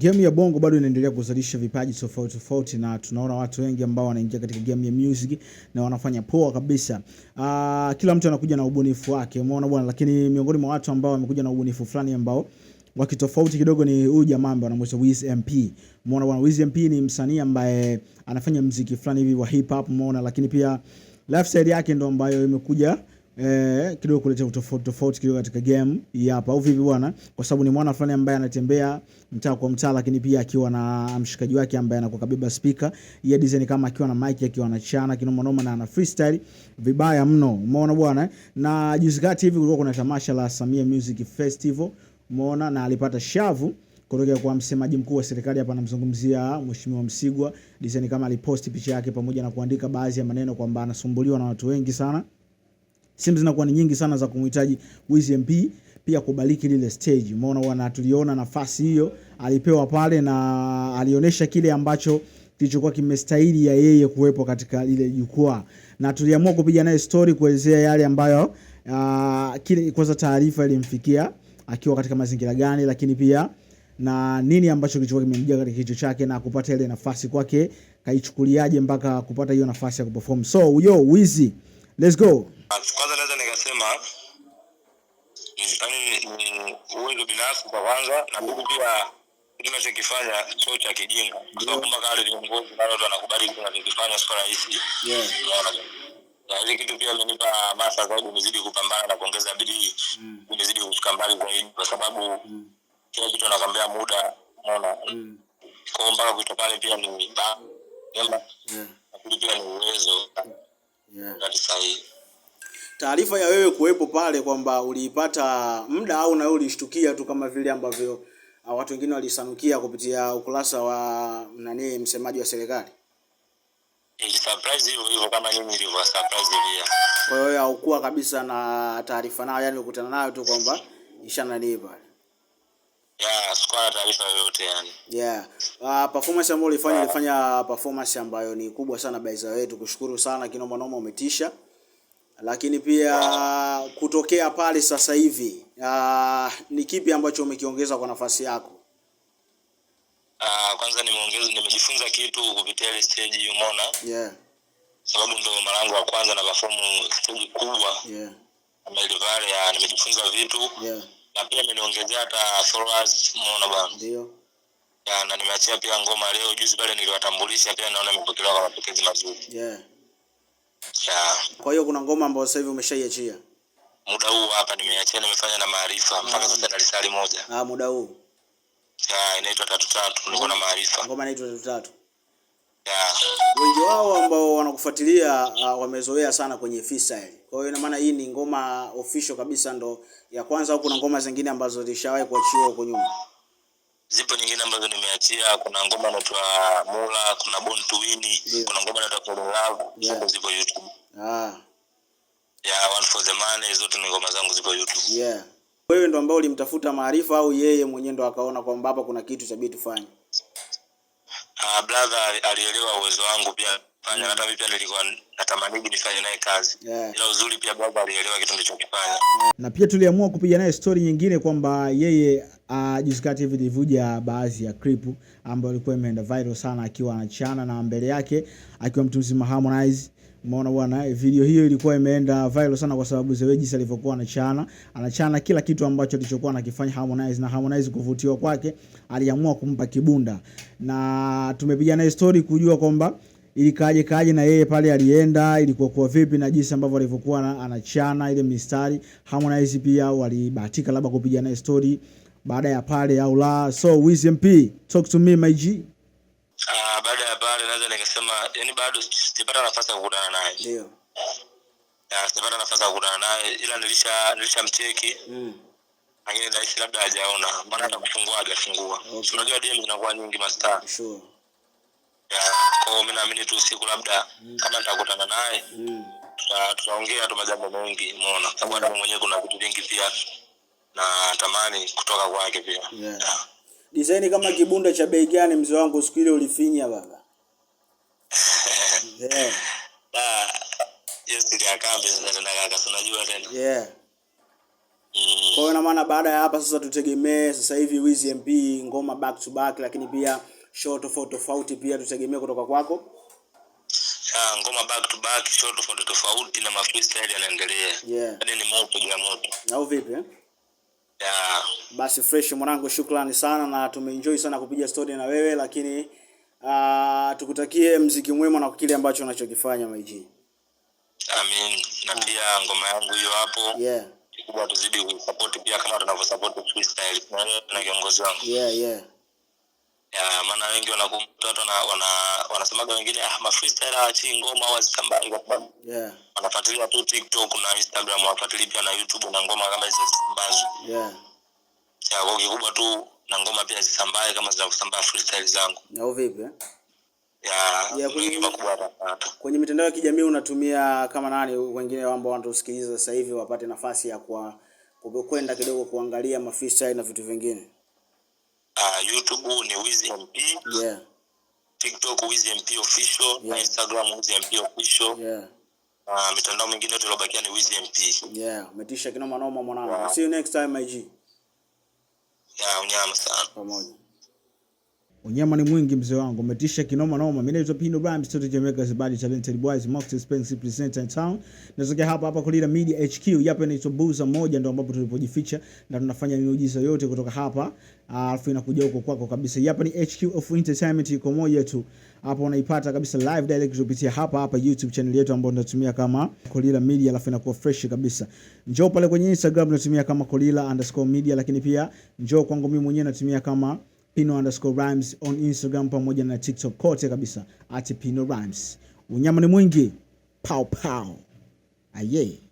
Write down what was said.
Game ya bongo bado inaendelea kuzalisha vipaji tofauti tofauti, na tunaona watu wengi ambao wanaingia katika game ya music na wanafanya poa kabisa. Uh, kila mtu anakuja na ubunifu wake, umeona bwana. Lakini miongoni mwa watu ambao wamekuja na ubunifu fulani ambao wakitofauti kidogo ni huyu jamaa ambaye anamwita Wiz MP. Umeona bwana, Wiz MP ni msanii ambaye anafanya mziki fulani hivi wa hip hop, umeona, lakini pia lifestyle yake ndo ambayo imekuja eh, kidogo kuleta utofauti tofauti kidogo katika game hapa, au vipi bwana? Kwa sababu ni mwana fulani ambaye anatembea mtaa kwa mtaa, lakini pia akiwa na mshikaji wake ambaye anakuwa kabeba speaker ya design kama akiwa na mic, akiwa anachana kinoma noma na ana freestyle vibaya mno, umeona bwana. Na juzi kati hivi kulikuwa kuna tamasha la Samia Music Festival, umeona, na alipata shavu kutoka kwa msemaji mkuu wa serikali hapa, anamzungumzia Mheshimiwa Msigwa design kama aliposti picha yake pamoja na kuandika baadhi ya maneno kwamba anasumbuliwa na watu wengi sana simu zinakuwa ni nyingi sana za kumhitaji MP pia kubariki lile stage. Umeona wana tuliona nafasi hiyo alipewa pale na alionyesha kile ambacho kilichokuwa kimestahili ya yeye kuwepo katika lile jukwaa, na tuliamua kupiga naye story kuelezea yale ambayo uh, kile kwanza taarifa ilimfikia akiwa katika mazingira gani, lakini pia na nini ambacho kilichokuwa kimemjia katika kichwa chake na kupata ile nafasi kwake kaichukuliaje mpaka kupata hiyo nafasi ya kuperform. So yo Wizzy, let's go. Ah, kwanza naweza nikasema ni uwezo binafsi kwa kwanza, na ndugu pia tunachokifanya sio cha kijinga, kwa sababu mpaka wale viongozi na watu wanakubali tunachokifanya sio rahisi. Hili kitu pia imenipa hamasa zaidi, nizidi kupambana na kuongeza bidii, nizidi mm. kufika mbali zaidi, kwa sababu mm. kila kitu anakwambia muda, unaona mm. kwao mpaka kutoka pale pia ni ba, pia ni uwezo kati sahihi taarifa ya wewe kuwepo pale kwamba uliipata muda au na ulishtukia tu kama vile ambavyo ah, watu wengine walisanukia kupitia ukurasa wa nani, msemaji wa serikali. Kwa hiyo haukuwa kabisa na taarifa nayo, yani ukutana nayo tu kwamba ishanani pale. Yeah, sikuwa na taarifa yoyote yani. Yeah. Uh, performance ambayo ulifanya, ulifanya performance ambayo ni kubwa sana by the way. Tukushukuru sana kinoma noma umetisha. Lakini pia kutokea pale sasa hivi uh, ni kipi ambacho umekiongeza kwa nafasi yako? Uh, kwanza nimeongeza, nimejifunza kitu kupitia ile stage umeona yeah, sababu ndo mara yangu ya kwanza na perform stage kubwa yeah, ya ah, nimejifunza vitu yeah, na pia niliongezea hata followers, umeona bwana, ndio na nimeachia pia ngoma leo. Juzi pale niliwatambulisha pia, naona imepokelewa kwa mapokezi mazuri yeah. Yeah. Kwa hiyo kuna ngoma ambayo sasa hivi umeshaiachia? Muda huu hapa nimeachia, nimefanya na maarifa mpaka ah. sasa na risali moja. Ah, muda huu. Yeah, inaitwa tatu tatu, niko na maarifa. Ngoma inaitwa tatu tatu. Yeah. Wengi wao ambao wanakufuatilia uh, wamezoea sana kwenye freestyle. Kwa hiyo ina maana hii ni ngoma official kabisa ndo ya kwanza au kuna ngoma zingine ambazo zilishawahi kuachiwa huko nyuma? zipo nyingine ambazo nimeachia. Kuna ngoma inaitwa Mula, kuna Born to Win, kuna ngoma inaitwa Fall Love, yeah. zipo YouTube. Ah. Ya Yeah, One for the Money, zote ni ngoma zangu zipo YouTube. Yeah. Wewe ndo ambao ulimtafuta Maarifa au yeye mwenyewe ndo akaona kwamba hapa kuna kitu cha bidii tufanye? Ah, brother alielewa uwezo wangu pia kufanya hata mimi pia nilikuwa natamani nifanye naye kazi yeah. Ila uzuri pia baba alielewa kitu nilichokifanya, na pia tuliamua kupiga naye story nyingine kwamba yeye uh, ah, ajisikati hivi vilivyovuja baadhi ya clip ambayo ilikuwa imeenda viral sana, akiwa anachana na mbele yake akiwa mtu mzima Harmonize. Umeona bwana, video hiyo ilikuwa imeenda viral sana kwa sababu Zewe jinsi alivyokuwa anachana, anachana kila kitu ambacho alichokuwa anakifanya Harmonize, na Harmonize kuvutiwa kwake aliamua kumpa kibunda, na tumepiga naye story kujua kwamba ili kaje kaje na yeye pale alienda ilikuwa vipi na jinsi ambavyo alivyokuwa anachana ile mistari. Harmonize pia walibahatika labda kupiga naye story baada ya pale au la. So Wizzy MP, talk to me my G. Uh, baada ya pale naweza nikasema yani bado sijapata nafasi ya kukutana naye. Ndio. Ah, sijapata nafasi ya kukutana naye ila nilisha nilisha nilishamcheki. Mm. Lakini nahisi labda hajaona, maana atakufungua, hajafungua. Unajua DM zinakuwa nyingi mastaa. Sure. Yeah kwa hiyo mimi naamini tu siku labda kama nitakutana naye tutaongea tu majambo mengi, umeona, sababu hata mwenyewe kuna vitu vingi pia na tamani kutoka kwake pia yeah. yeah. Design kama kibunda cha bei gani mzee wangu, siku ile ulifinya baba? Mm. Kwa hiyo na maana baada ya hapa sasa tutegemee sasa hivi wizi mp ngoma back to back, lakini pia show tofauti tofauti pia tutegemea kutoka kwako? Uh, ngoma back to back, show tofauti tofauti na mafreestyle yanaendelea. Yeah. Yaani ni moto ya moto. Au vipi eh? Yeah. Basi fresh mwanangu, shukrani sana na tumeenjoy sana kupiga story na wewe lakini uh, tukutakie mziki mwema na kile ambacho unachokifanya maiji. Amin. Na ah. pia ngoma yangu hiyo hapo. Yeah. Kikubwa tuzidi kusupport pia kama tunavyosupport freestyle na kiongozi wangu. Yeah, yeah ya maana wengi wanakumbuka watu wana, wanasemaga wengine ah, ma mafreestyle hawachii ngoma au hazitambai kwa sababu yeah. wanafuatilia tu TikTok na Instagram, wafuatilia pia na YouTube na ngoma kama hizo zisambaze Yeah. Cha kwa kikubwa tu na ngoma pia zisambaze kama zinavyosambaa freestyle zangu. Na vipi eh? Ya, ya kwenye, makubwa, kwenye mitandao ya kijamii unatumia kama nani, wengine ambao wanatusikiliza sasa hivi wapate nafasi ya kwa kwenda kidogo kuangalia mafreestyle na vitu vingine uh, youtube ni wizi mp yeah. tiktok wizi mp official yeah. na instagram wizi mp official yeah. Uh, mitandao mingine yote iliobakia ni wizi mp yeah umetisha kinoma noma mwanangu yeah. see you next time ig yeah unyama sana pamoja Unyama ni mwingi mzee wangu, umetisha kinoma noma. Mimi naitwa Pino Brand, mtoto Jamaica's body talented boys, most expensive presenter in town. Nasogea hapa hapa Kolila Media HQ. Yapo inaitwa Buza moja, ndio ambapo tulipojificha na tunafanya miujiza yote kutoka hapa. Alafu inakuja huko kwako kabisa. Yapo ni HQ of Entertainment, iko moja tu. Hapo unaipata kabisa live direct kupitia hapa hapa YouTube channel yetu ambayo tunatumia kama Kolila Media, alafu inakuwa fresh kabisa. Njoo pale kwenye Instagram tunatumia kama Kolila_media, lakini pia njoo kwangu mimi mwenyewe natumia kama Pino underscore rhymes on Instagram pamoja na TikTok kote kabisa, ati Pino Rhymes. Unyama ni mwingi, pow pow, aye.